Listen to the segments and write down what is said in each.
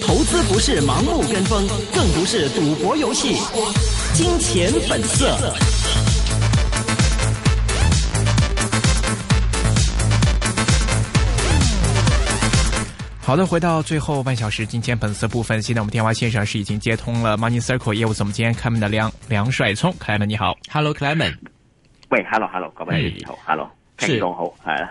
投資不是盲目跟風，更不是賭博遊戲。金錢本色。好的，回到最後半小時金錢本色部分。現在我們電話線上是已經接通了 Money Circle 業務總監開門的梁梁帥聰。Clement，你好，Hello Clement。喂，Hello Hello，各位好，Hello，聽眾好，係啦。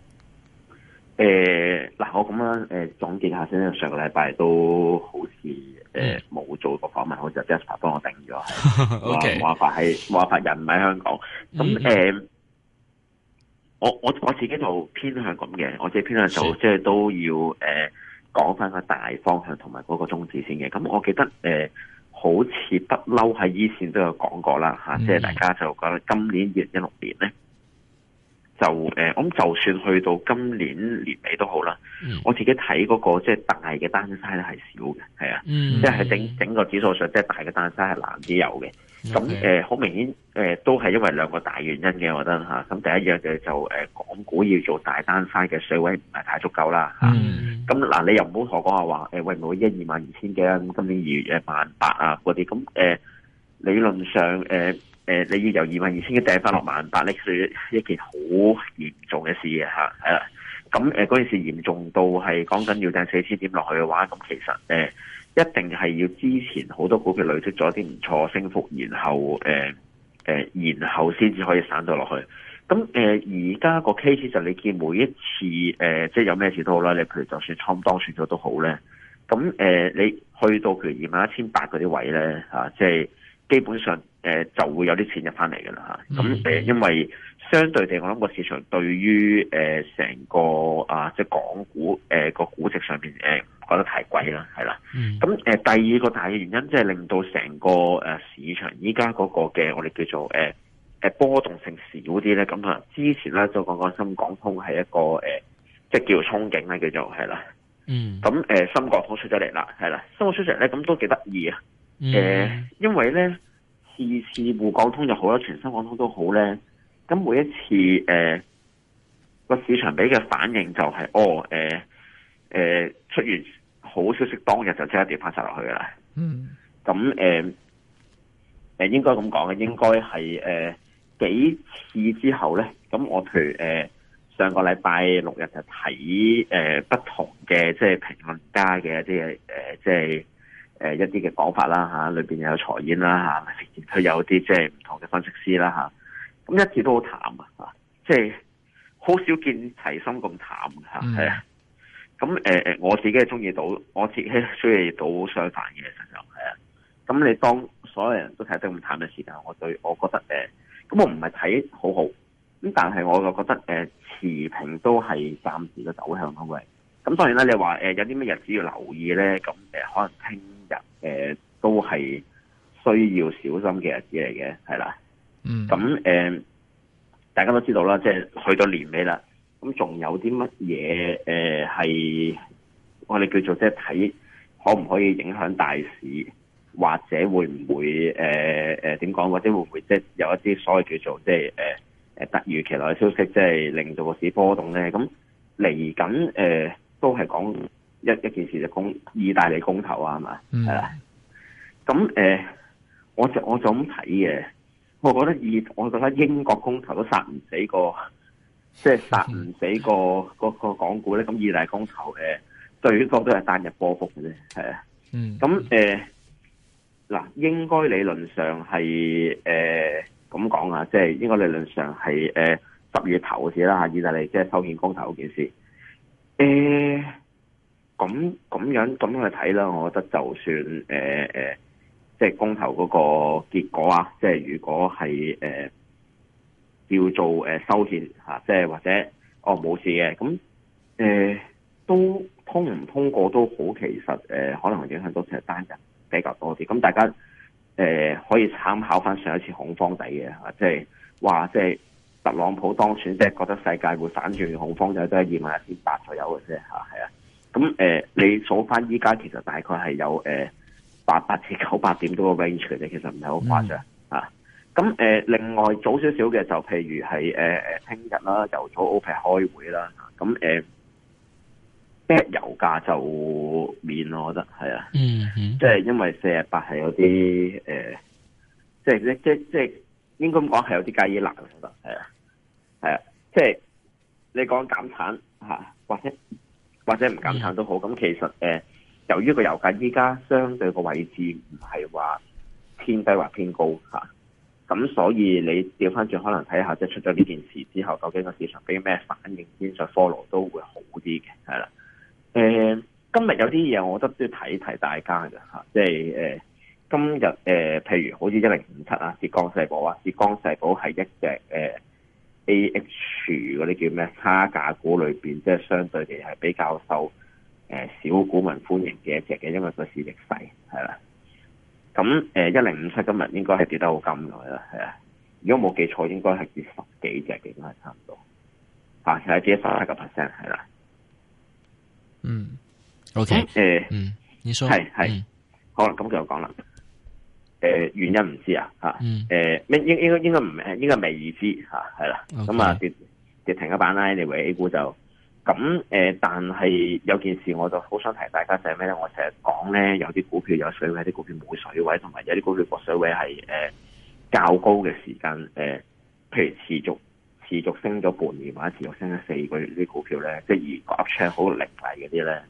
誒，嗱，我咁樣誒總結下先，上個禮拜都好似誒冇做過訪問，mm. 好似阿 j e s p 幫我定咗，話 話、okay. 法係話法人唔喺香港，咁誒、mm -hmm. 呃，我我我自己就偏向咁嘅，我自己偏向就即係都要誒講翻個大方向同埋嗰個宗旨先嘅。咁我記得誒、呃，好似不嬲喺一、e、線都有講過啦，吓、啊，mm -hmm. 即係大家就覺得今年二零一六年咧。就、呃、就算去到今年年尾都好啦、嗯，我自己睇嗰、那個即係、就是、大嘅單差都係少嘅，係啊，即、嗯、係、就是、整、嗯、整個指數上即係、就是、大嘅單差係難啲有嘅。咁、嗯、好、okay. 呃、明顯、呃、都係因為兩個大原因嘅，我覺得咁、啊、第一樣嘅就是呃、港股要做大單差嘅水位唔係太足夠啦咁嗱，你又唔好同我講話話誒，喂，唔會一二萬二千幾啊，咁今年二月萬八啊嗰啲，咁、呃、理論上、呃誒，你要由二萬二千一掟翻落萬八，呢算一件好嚴重嘅事嘅吓，係啦。咁誒，嗰件事嚴重到係講緊要掟四千點落去嘅話，咁其實誒，一定係要之前好多股票累積咗啲唔錯升幅，然後誒誒、呃呃，然後先至可以散到落去。咁誒，而家個 case 就你見每一次誒、呃，即係有咩事都好啦，你譬如就算倉當選咗都好咧。咁誒、呃，你去到佢二萬一千八嗰啲位咧，吓、呃，即係基本上。誒、呃，就會有啲錢入翻嚟噶啦吓，咁誒、呃，因為相對地，我諗個市場對於誒成個啊，即係港股誒、呃、個估值上面誒、呃、覺得太貴啦，係、嗯、啦，咁誒、呃、第二個大嘅原因，即係令到成個誒、呃、市場依家嗰個嘅我哋叫做誒誒、呃、波動性少啲咧，咁啊，之前咧就講講深港通係一個誒、呃、即係叫做憧憬啦，叫做係啦，嗯，咁誒、呃、深港通出咗嚟啦，係啦，深港通出咗嚟咧，咁都幾得意啊，誒、嗯呃，因為咧。次次滬港通就好啦，全新港通都好咧。咁每一次誒個、呃、市場俾嘅反應就係、是，哦誒、呃呃、出完好消息當日就即刻掉翻晒落去噶啦。嗯。咁誒誒應該咁講嘅，應該係誒、呃、幾次之後咧。咁我譬如誒、呃、上個禮拜六日就睇誒、呃、不同嘅即係評論家嘅一啲即係。呃即誒、呃、一啲嘅講法啦嚇，裏邊有財演啦嚇，佢、啊、有啲即係唔同嘅分析師啦嚇，咁一切都好淡啊，即係好少見齊心咁淡嚇，係、嗯、啊，咁誒誒我自己係中意到，我自己中意到相反嘅嘅，咁、啊、你當所有人都睇得咁淡嘅時間，我對我覺得誒，咁、啊、我唔係睇好好，咁但係我就覺得誒、啊、持平都係暫時嘅走向咯，喂，咁當然啦，你話誒、啊、有啲咩日子要留意咧，咁誒、啊、可能聽。誒、呃，都係需要小心嘅日子嚟嘅，係啦。嗯，咁誒、呃，大家都知道啦，即係去到年尾啦，咁仲有啲乜嘢誒係我哋叫做即係睇可唔可以影響大市，或者會唔會誒誒點講，或者會唔會即係有一啲所謂叫做即係誒誒突如其來嘅消息，即係令到個市波動咧？咁嚟緊誒都係講。一一件事就公意大利公投係咪？係啦。咁、嗯、誒、呃，我就我就咁睇嘅。我覺得意，我覺得英國公投都殺唔死個，即係殺唔死個嗰、嗯、個，個，個，個港股咧。咁意大利公投誒，最、呃、多都係單日波幅嘅啫，係啊。嗯。咁誒，嗱、呃，應該理論上係誒咁講啊，即係應該理論上係誒十月頭嘅事啦。吓，意大利即係修憲公投件事，誒、呃。咁咁樣咁去睇啦，我覺得就算誒、呃、即係公投嗰個結果啊，即係如果係誒、呃、叫做誒、呃、修憲嚇，即係或者哦冇事嘅，咁誒、呃、都通唔通過都好其實誒、呃，可能影響到成日單日比較多啲。咁大家誒、呃、可以參考翻上一次恐慌底嘅嚇，即係話即係特朗普當選即係覺得世界會反轉嘅恐慌底都係二萬一千八左右嘅啫嚇，係啊。咁誒、呃，你睇返依家其實大概係有誒八八至九八點都個 range 嘅啫，其實唔係好誇張。咁誒，另外早少少嘅就譬如係誒誒，聽、呃、日啦，又早 open 開會啦。咁誒 p 油價就免囉，我覺得係啊，即係因為四十八係有啲誒，即係即即即應該咁講係有啲雞肋，我覺得係啊，mm -hmm. 呃、啊，啊，即係你講減產吓或者，啊或者唔減產都好，咁其實誒、呃，由於個油價依家相對個位置唔係話偏低或偏高嚇，咁、啊、所以你調翻轉可能睇下，即係出咗呢件事之後，究竟個市場俾咩反應先，再 follow 都會好啲嘅，係啦。誒、呃啊呃，今日有啲嘢我覺得都要提提大家嘅嚇，即係誒今日誒，譬如好似一零五七啊，浙江世寶啊，浙江世寶係一隻誒。呃 Ah 嗰啲叫咩？差價股裏邊，即係相對地係比較受誒、呃、小股民歡迎嘅一隻嘅，因為個市值細係啦。咁誒，一零五七今日應該係跌得好咁耐啦，係啊。如果冇記錯，應該係跌十幾隻嘅，應該係差唔多。吓、啊，係跌十一個 percent 係啦。嗯，O.K. 誒、嗯嗯，嗯，你說係係、嗯，好啦，咁就講啦。誒、呃，原因唔知啊，吓、嗯，誒，咩應應該應該唔，應該唔係未知吓，係啦，咁啊跌停一板啦，你為 A 股就咁，誒、okay. 呃，但係有件事我就好想提大家就係咩咧，我成日講咧，有啲股票有水位，啲股票冇水位，同埋有啲股票博水位係誒、呃、較高嘅時間，誒、呃，譬如持續持續升咗半年，或者持續升咗四個月啲股票咧，即係而割出好力大嗰啲咧，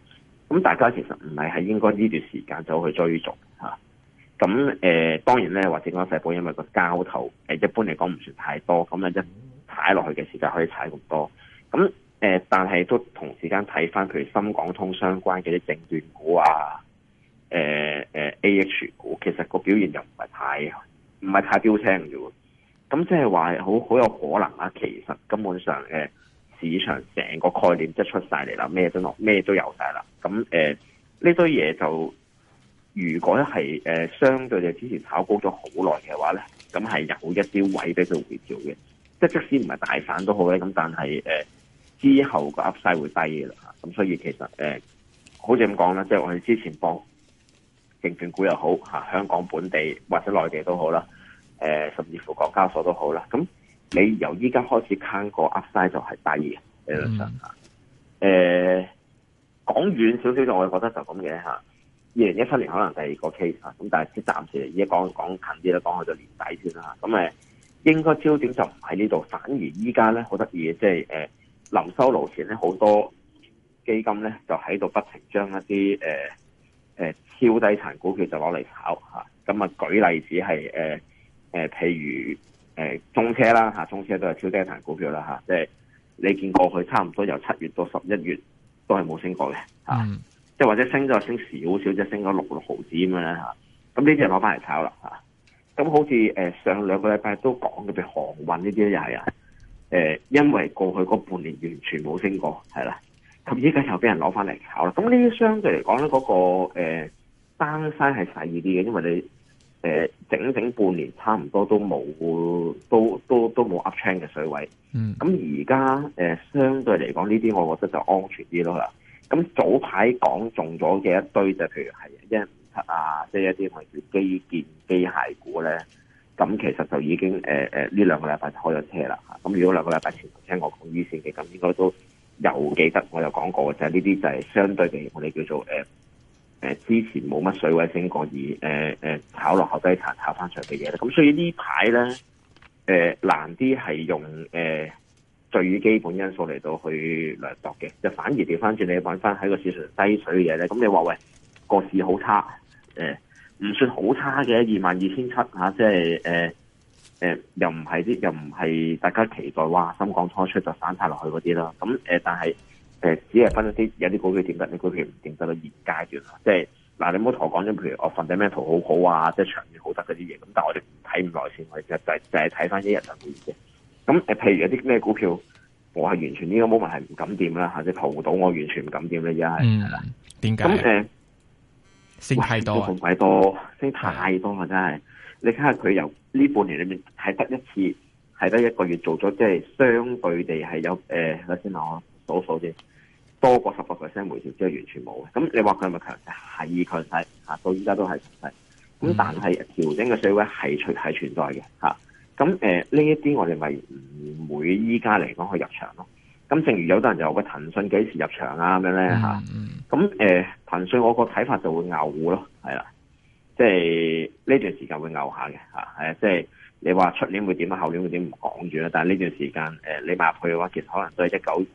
咁大家其實唔係係應該呢段時間走去追逐吓。啊咁誒、呃、當然咧，或者講細部，因為個交投一般嚟講唔算太多，咁一踩落去嘅時間可以踩咁多。咁誒、呃，但係都同時間睇翻佢深港通相關嘅啲證券股啊，誒、呃呃、AH 股，其實個表現又唔係太唔係太標青啫。咁即係話好好有可能啊，其實根本上誒、呃、市場成個概念即係出晒嚟啦，咩都落，咩都有晒啦。咁誒呢堆嘢就～如果咧係誒相對嘅之前炒高咗好耐嘅話咧，咁係有一啲位俾佢回調嘅，即係即使唔係大散都好咧，咁但係誒、呃、之後個 Upside 會低嘅啦，咁所以其實誒、呃、好似咁講啦，即係我哋之前幫證券股又好嚇香港本地或者內地都好啦，誒、呃、甚至乎港交所都好啦，咁你由依家開始睇個 Upside 就係低嘅，理論上，嚇誒講遠少少就我覺得就咁嘅嚇。二零一七年可能第二個 case 啊，咁但係即係暫時而家講講近啲啦，講去到年底先啦。咁誒，應該焦點就唔喺呢度，反而依家咧好得意嘅，即係誒，臨收爐前咧好多基金咧就喺度不停將一啲誒誒超低殘股票就攞嚟炒吓。咁啊，舉例子係誒誒，譬如誒、呃、中車啦吓、啊，中車都係超低殘股票啦吓。即、啊、係、就是、你見過去差唔多由七月到十一月都係冇升過嘅吓。啊嗯即或者升咗升少少，即升咗六六毫子咁樣啦嚇。咁呢啲就攞翻嚟炒啦嚇。咁好似誒上兩個禮拜都講嘅，譬如航運呢啲又係啊。誒，因為過去嗰半年完全冇升過，係啦。咁依家又俾人攞翻嚟炒啦。咁呢啲相對嚟講咧，嗰、嗰個誒、呃、單身係細啲嘅，因為你誒、呃、整整半年差唔多都冇，都都都冇 up trend 嘅水位。咁而家誒相對嚟講呢啲，我覺得就安全啲咯啦。咁早排講中咗嘅一堆，就譬如係一五七啊，即、就、係、是、一啲例如基建、機械股咧，咁其實就已經誒呢兩個禮拜就開咗車啦嚇。咁如果兩個禮拜前聽我講於線嘅，咁應該都又記得我又講過，就係呢啲就係相對地，我哋叫做誒、呃呃、之前冇乜水位升過，而、呃、誒、呃、炒落後低層炒翻上嘅嘢咧。咁所以呢排咧，誒、呃、難啲係用誒。呃最基本因素嚟到去量度嘅，就反而調翻轉你揾翻喺個市場低水嘅嘢咧。咁你話喂，個市好差，誒、欸、唔算好差嘅，二萬二千七嚇，即係誒誒又唔係啲又唔係大家期待哇深港初出就散曬落去嗰啲咯。咁誒、欸、但係誒、呃、只係分一啲有啲股票點得？你股票唔點得到現階段，即係嗱你唔好同我講咗，譬如我份底咩圖好好啊，即、就、係、是、長遠好得嗰啲嘢。咁但係我哋睇唔耐線，我哋就係、是、就係睇翻一日就冇嘅。咁誒，譬如有啲咩股票，我係完全呢個 moment 係，唔敢掂啦吓，即係逃到我完全唔敢掂啦。而家係，點解？咁升太多，升鬼多，升太多啊，嗯！真係，你睇下佢由呢半年裏面係得一次，係得一個月做咗，即係相對地係有誒，呃、等等我先攞倒數先，多過十個 percent 回調之後完全冇嘅。咁你話佢係咪強勢？係強勢吓，到而家都係強勢。咁但係調整嘅水位係存係存在嘅吓。嗯咁誒呢一啲我哋咪唔會依家嚟講去入場咯。咁正如有啲人就話騰訊幾時入場啊咁樣咧，嚇，咁誒騰訊我個睇法就會拗咯，係啦，即係呢段時間會拗下嘅嚇，係啊，即係、就是、你話出年會點啊，後年會點唔講住啦。但係呢段時間誒、呃、你買入去嘅話，其實可能都係一九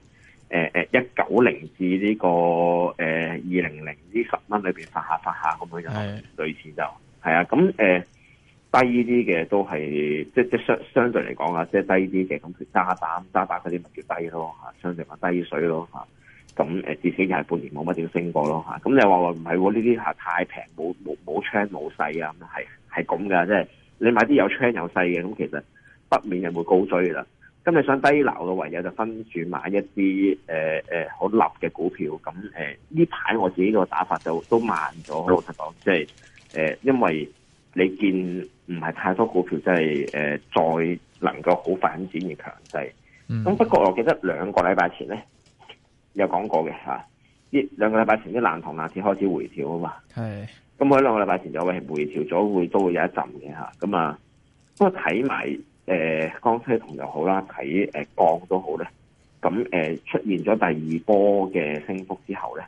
誒一九零至呢、這個誒二零零呢十蚊裏面發下發下咁樣就類似就係啊。咁誒。嗯呃低呢啲嘅都係即即相相對嚟講啊，即係低啲嘅咁渣打，渣打嗰啲咪叫低咯嚇，相對咪低水咯嚇。咁誒至少又係半年冇乜點升過咯嚇。咁你話話唔係喎？呢啲嚇太平冇冇冇槍冇勢啊？係係咁㗎，即係、就是、你買啲有槍有勢嘅咁，其實不免又會高追啦。咁你想低流嘅唯有就分住買一啲誒誒好立嘅股票。咁誒呢排我自己個打法就都慢咗、嗯，老實講，即係誒因為。你見唔係太多股票真係、呃、再能夠好快咁轉而強勢，咁、嗯、不過我記得兩個禮拜前咧有講過嘅、啊、兩個禮拜前啲爛銅爛鐵開始回調啊嘛，咁喺兩個禮拜前就係回調咗，會都會有一陣嘅，咁啊，不過睇埋誒江西銅又好啦，睇誒江都好咧，咁、呃、出現咗第二波嘅升幅之後咧。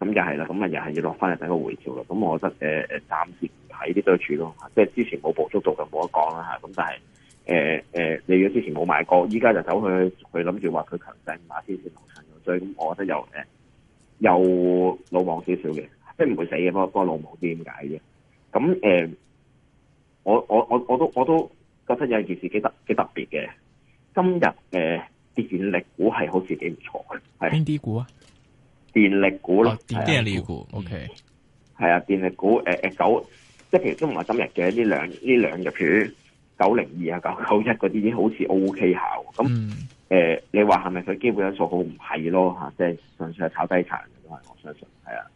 咁就係啦，咁啊又係要落翻第二個回調啦，咁我覺得誒誒，暫、呃、時睇啲多處咯，即係之前冇捕捉到就冇得講啦吓。咁但係誒誒，你、呃、果、呃、之前冇買過，依家就走去佢諗住話佢強震，先天先入場，所以咁我覺得又誒、呃、又老懵少少嘅，即係唔會死嘅，不過老懵啲點解嘅？咁誒、呃，我我我我都我都覺得有一件事幾特幾特別嘅。今日誒啲電力股係好似幾唔錯嘅，係邊啲股啊？電力股咯，哦，電力股，OK，係啊、嗯、啊，電力股，誒、呃、誒、呃、九，即係其實都唔係今日嘅呢兩呢兩隻股，譬如九零二啊，九九一嗰啲已經好似 OK 下，咁誒、嗯呃，你話係咪佢基本因素好唔係咯吓？即係純粹係炒低層嘅，我相信係啊。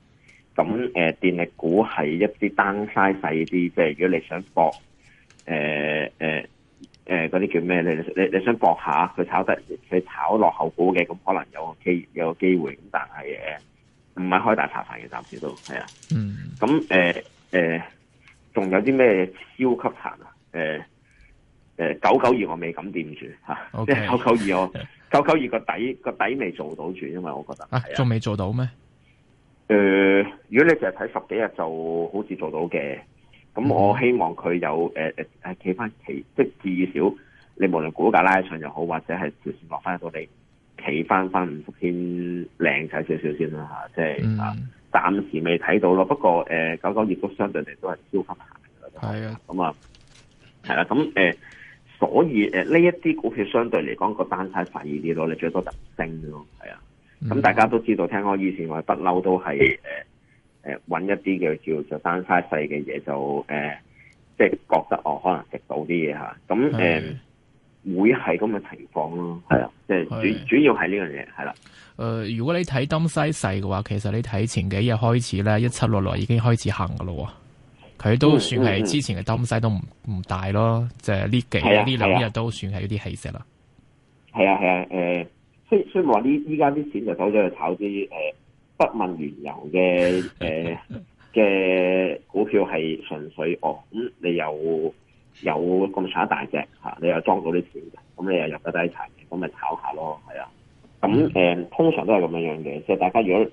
咁誒、呃，電力股係一啲單晒細啲，即係如果你想搏，誒、呃、誒。呃誒、呃，嗰啲叫咩咧？你你你想搏下佢炒得佢炒落後股嘅，咁可能有，機有個機有個機會，咁但係誒，唔係開大茶飯嘅，暫時都係啊。嗯。咁誒誒，仲、呃呃、有啲咩超級殘啊？誒、呃、誒、呃，九九二我未敢掂住吓，即、okay. 係 九九二我 九九二個底個底未做到住，因為我覺得啊，仲、啊、未做到咩？誒、呃，如果你淨係睇十幾日，就好似做到嘅。咁我希望佢有誒誒誒企翻企，即係至少你無論股價拉上又好，或者係條線落翻到地企翻翻五幅先靚仔少少先啦即係、mm -hmm. 啊，暫時未睇到咯。不過誒、呃，九九業都相對嚟都係超級難嘅啦，係、mm -hmm. 啊。咁啊，係啦。咁、嗯呃、所以呢一啲股票相對嚟講、個單差細啲咯，你最多特升咯。係啊，咁、mm -hmm. 大家都知道，聽我以前我不嬲都係誒，揾一啲叫叫做 downside 細嘅嘢，就誒、呃，即係覺得我可能食到啲嘢吓，咁誒、呃，會係咁嘅情況咯，係啊，即係主主要係呢樣嘢，係啦。誒，如果你睇 downside 細嘅話，其實你睇前幾日開始咧，一七六六已經開始行噶咯，佢都算係之前嘅 downside 都唔唔大咯，即係呢幾呢兩日都算係一啲起色啦。係啊係啊，誒，雖雖然話呢依家啲錢就走咗去炒啲誒。呃不問原油嘅嘅股票係純粹哦，咁、嗯、你又有咁慘大隻、啊、你又裝到啲錢嘅，咁你又入得低層，咁咪炒下咯，係啊，咁、呃、通常都係咁樣樣嘅，即係大家如果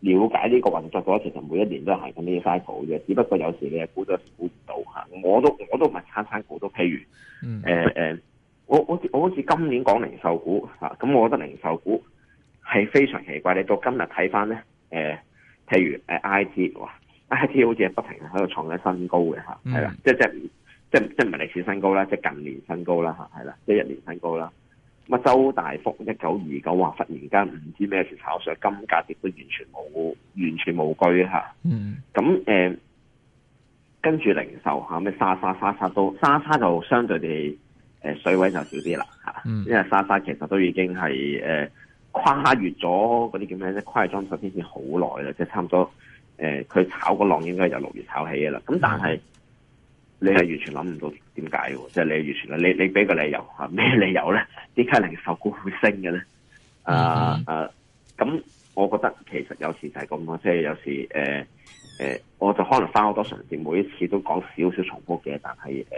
了解呢個運作嘅話，其實每一年都係咁啲 cycle 嘅，只不過有時你估都估唔到，到、啊、我都我都唔係餐餐估到。譬、啊、如、 啊、我我，我好似今年講零售股咁、啊、我覺得零售股。係非常奇怪，你到今日睇翻咧，譬如、呃、I T 哇，I T 好似不停喺度創緊新高嘅嚇，係、mm. 啦，即即即即唔係歷史新高啦，即近年新高啦嚇，係啦，即一年新高啦。咁啊，周大福一九二九哇，忽然間唔知咩事炒上金價，跌都完全冇，完全冇據。嚇、mm.。咁跟住零售咩沙沙沙沙都沙沙就相對地水位就少啲啦、mm. 因為沙沙其實都已經係跨越咗嗰啲叫咩咧？跨越莊所天線好耐啦，即係差唔多。誒、呃，佢炒個浪應該由六月炒起嘅啦。咁但係你係完全諗唔到點解喎，即係你完全，你你俾個理由，咩理由咧？點解零售股會升嘅咧、uh -huh. 啊？啊啊！咁我覺得其實有時就係咁咯，即、就、係、是、有時誒誒、呃呃，我就可能翻好多場次，每一次都講少少重複嘅，但係誒。呃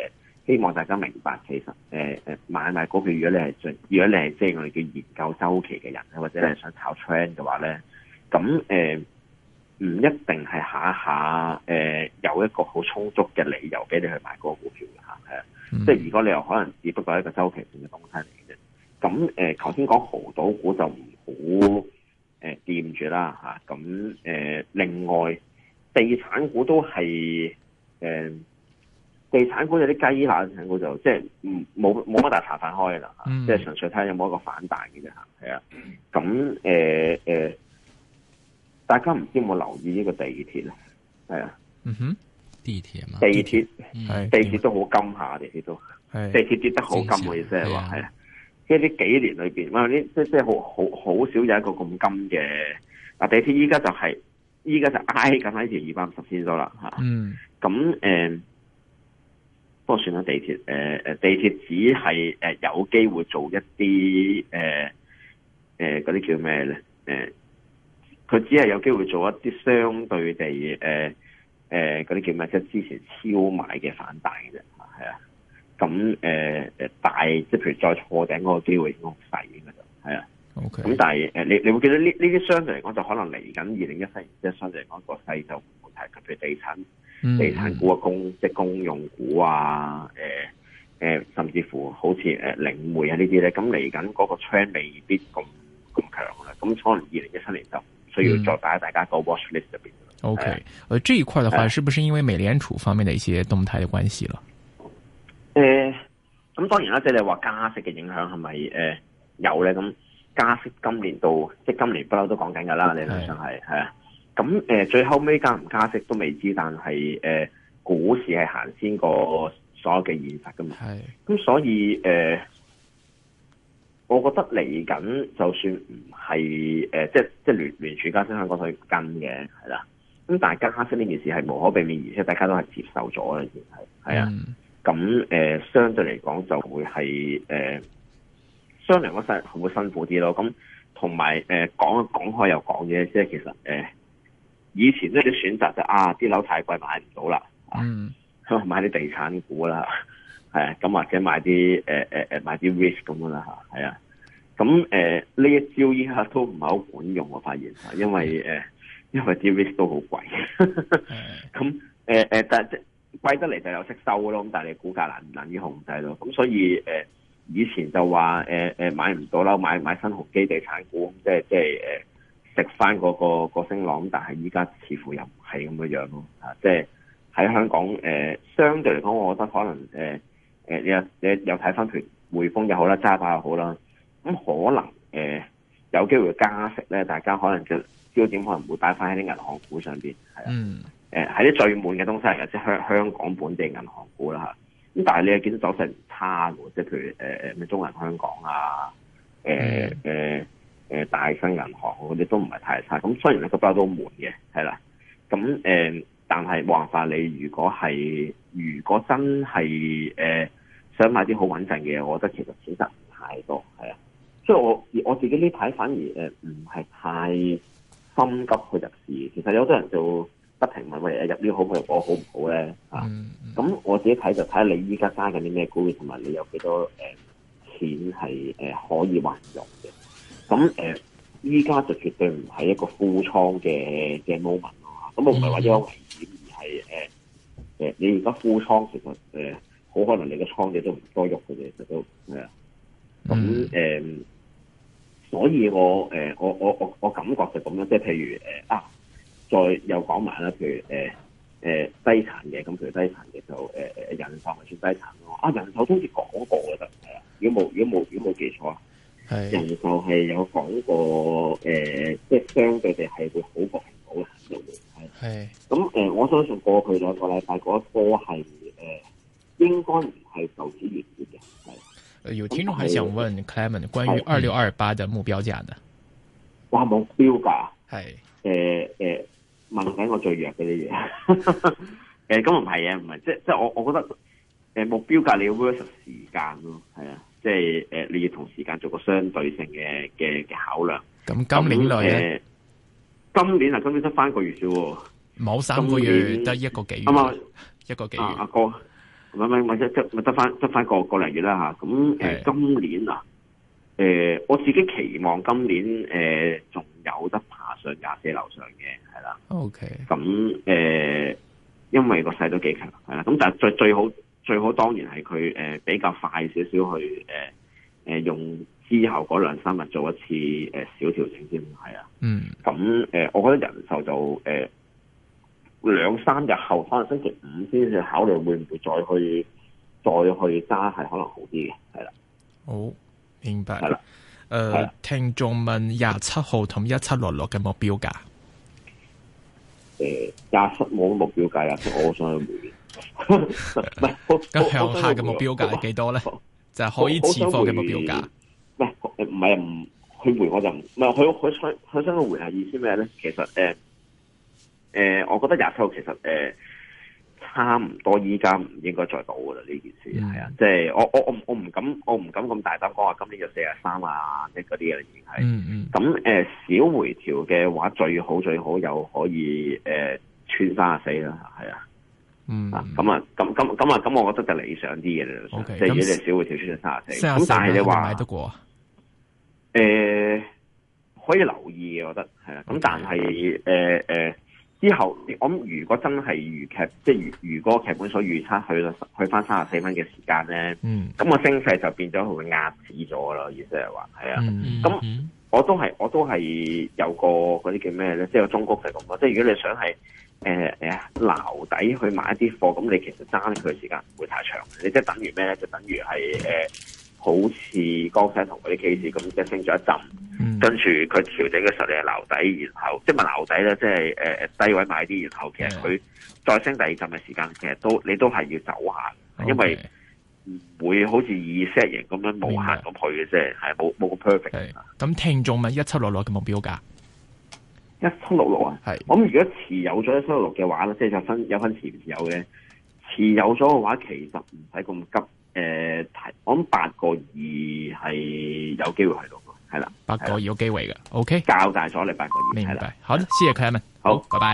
希望大家明白，其實誒誒、呃、買賣股票，如果你係最，如果你係即係我哋叫研究周期嘅人咧，或者你係想炒 trend 嘅話咧，咁誒唔一定係下下誒、呃、有一個好充足嘅理由俾你去買嗰個股票嘅嚇，係即係如果你又可能只不過係一個周期性嘅東西嚟嘅啫。咁誒頭先講濠賭股就唔好誒掂住啦嚇。咁、呃、誒、啊呃、另外，地產股都係誒。呃地產股有啲雞眼，股就即係唔冇冇乜大茶飯開啦，即係純、嗯、粹睇下有冇一個反彈嘅啫吓，係啊。咁誒誒，大家唔知有冇留意呢個地鐵啊？係啊，嗯哼，地鐵啊嘛，地鐵、嗯，地鐵都好金下，地鐵都，都，地鐵跌得好金，嘅意思係話，係啊。即係呢幾年裏邊，即即係好好好少有一個咁金嘅啊！地鐵依家就係、是，依家就挨緊喺條二百五十線咗啦吓，嗯，咁、嗯、誒。嗯不過算啦，地鐵誒誒、呃，地鐵只係誒有機會做一啲誒誒嗰啲叫咩咧？誒、呃，佢只係有機會做一啲相對地誒誒嗰啲叫咩？即係之前超買嘅反彈嘅啫，係啊。咁誒誒大，即係譬如再坐頂嗰個機會應該已經好細嘅啦，就係啊。OK，咁但係誒，你你會覺得呢呢啲相對嚟講就可能嚟緊二零一四年即係相對嚟講個勢就冇太特別。地產。地產股啊，供、嗯、即公用股啊，誒、呃、誒、呃，甚至乎好似誒領匯啊呢啲咧，咁嚟緊嗰個 trend 未必咁咁強啦，咁可能二零一七年就需要再帶下大家個 watchlist 入、嗯、邊。O、okay, K、uh, 而呢一塊嘅話，uh, 是不是因為美聯儲方面嘅一些動態嘅關係啦？誒，咁當然啦，即係你話加息嘅影響係咪誒有咧？咁加息今年度即係今年不嬲都講緊噶啦，理論上係係啊。Uh, uh, 咁最後尾加唔加息都未知，但係誒，股市係行先過所有嘅現實噶嘛。咁、嗯、所以誒、呃，我覺得嚟緊就算唔係誒，即即聯聯儲加息香港可以跟嘅，係啦。咁但係加息呢件事係無可避免，而且大家都係接受咗嘅，係係啊。咁、嗯、誒、呃，相對嚟講就會係誒、呃、商量嗰陣會辛苦啲咯。咁同埋誒講講開又講嘢，即係其實誒。呃以前呢啲選擇就是，啊，啲樓太貴，買唔到啦。嗯、啊，買啲地產股啦，啊，咁或者買啲買啲 risk 咁樣啦，係啊。咁呢一,一、啊啊啊、一招依家都唔係好管用喎，我發現，因為誒、啊、因為啲 risk 都好貴。咁、啊啊啊啊啊啊、但係即貴得嚟就有息收咯。咁但係股價難唔難以控制咯。咁、啊、所以、啊、以前就話誒誒買唔到啦，買新鴻基地產股，即係即食翻嗰、那個、那個升浪，但係依家似乎又唔係咁嘅樣咯，啊！即係喺香港誒、呃，相對嚟講，我覺得可能誒誒、呃呃，你你有睇翻譬如匯豐又好啦，渣打又好啦，咁、嗯、可能誒、呃、有機會加息咧，大家可能嘅焦點可能會擺翻喺啲銀行股上邊，係啊，誒喺啲最悶嘅東西嚟嘅，即係香香港本地銀行股啦嚇。咁、啊、但係你又見到走勢唔差喎，即係譬如誒誒咩中銀香港啊，誒、呃、誒。Mm. 呃誒、呃，大新銀行嗰啲都唔係太差，咁雖然個包都悶嘅，係啦，咁誒、呃，但係冇辦法，你如果係，如果真係誒、呃，想買啲好穩陣嘅，我覺得其實選擇唔太多，係啊，即係我我自己呢排反而唔係太心急去入市，其實有啲人就不停問喂、哎，入啲好唔我好唔好咧啊，咁我自己睇就睇下你依家揸緊啲咩股，同埋你有幾多誒、呃、錢係、呃、可以運用嘅。咁誒，依、呃、家就絕對唔係一個滿倉嘅嘅 moment 咯。咁我唔係話因為危險而，而係誒誒，你而家滿倉其實誒，好、呃、可能你個倉嘢都唔多喐嘅，其實都係啊。咁、嗯、誒、呃，所以我誒、呃，我我我我感覺就咁樣，即係譬如誒啊，再又講埋啦，譬如誒誒、呃、低殘嘅，咁譬如低殘嘅就誒誒人壽係算低殘咯。啊，人壽都好似講過嘅，係啊，如果冇如果冇如果冇記錯啊。是人就係有講過，誒、呃，即係相對地係會好過平保嘅，就會係。咁誒、呃，我相信過去兩個禮拜嗰一波係誒、呃，應該唔係受此原因嘅。誒、呃，有聽眾係想問 Clement 關於二六二八的目標價的，哦哦嗯。哇，目標價？係誒誒，問緊我最弱嗰啲嘢。誒、 呃，咁唔係嘢，唔係，即即係我我覺得，誒、呃，目標價你要 versus 時間咯，係啊。即係誒，你要同時間做個相對性嘅嘅嘅考量。咁今年誒、呃，今年啊，今年得翻個月啫，冇三個月，得一個幾月，一個幾月。阿、啊、哥，咪咪得，咪得翻得翻個個零月啦吓。咁誒、呃，今年啊，誒、呃，我自己期望今年誒，仲、呃、有得爬上廿四樓上嘅係啦。OK。咁、okay、誒、呃，因為個勢都幾強，係啦。咁但係最最好。最好當然係佢誒比較快少少去誒誒用之後嗰兩三日做一次誒小調整先係啊，嗯，咁誒，我覺得人壽就誒兩三日後可能星期五先至考慮會唔會再去再去加係可能好啲嘅，係啦。好、哦、明白，係啦，誒、嗯，聽眾問廿七號同一七六六嘅目標價，誒廿七冇目標價啊，我想去換。唔係咁向下嘅目標價係幾多咧？就係可以持貨嘅目標價。唔係唔係唔佢回我就唔係佢佢想佢想嘅回下意思咩咧？其實誒誒、呃呃，我覺得廿七號其實誒、呃、差唔多，依家唔應該再賭噶啦呢件事係啊。即係我我我我唔敢，我唔敢咁大膽講話今年就四廿三啊，即啲嘢已經係。嗯嗯。咁、呃、誒，小回調嘅話最好最好有可以誒穿三廿四啦。係、呃、啊。嗯啊，咁、嗯、啊，咁咁咁啊，咁我覺得就理想啲嘅，okay，即係、嗯、少會跳出咗三十四。咁但係你話買得過？誒、嗯、欸，可以留意嘅，我覺得係啊。咁但係誒誒，之後，我諗如果真係如劇，即係如如果劇本所預測去到去翻三十四蚊嘅時間咧，咁、嗯、那個升勢就變咗佢會壓止咗咯，意思係話係啊。咁、嗯嗯、我都係，我都係有個嗰啲叫咩咧？即係個中谷係咁，即係如果你想係。誒、呃、誒，撈底去買一啲貨，咁你其實爭佢嘅時間唔會太長，你即係等於咩咧？就等於係誒，好似江生同嗰啲 case 咁，即係升咗一浸，跟住佢調整嘅時候你係撈底，然後即係咪撈底咧？即係誒、呃、低位買啲，然後其實佢再升第二浸嘅時間，其實都你都係要走下，okay. 因為唔會好似二 set 型咁樣無限咁去嘅啫，係冇冇個 perfect。咁聽眾咪一七六六嘅目標價？一七六六啊，係，我諗如果持有咗一七六六嘅話咧，即係就分有分持有嘅，持有咗嘅話，其實唔使咁急，誒、呃，我諗八個二係有機會去到嘅，係啦，八個二有機會嘅，OK，教大咗你八個二，明白，好，多謝佢啊，明，好，拜拜。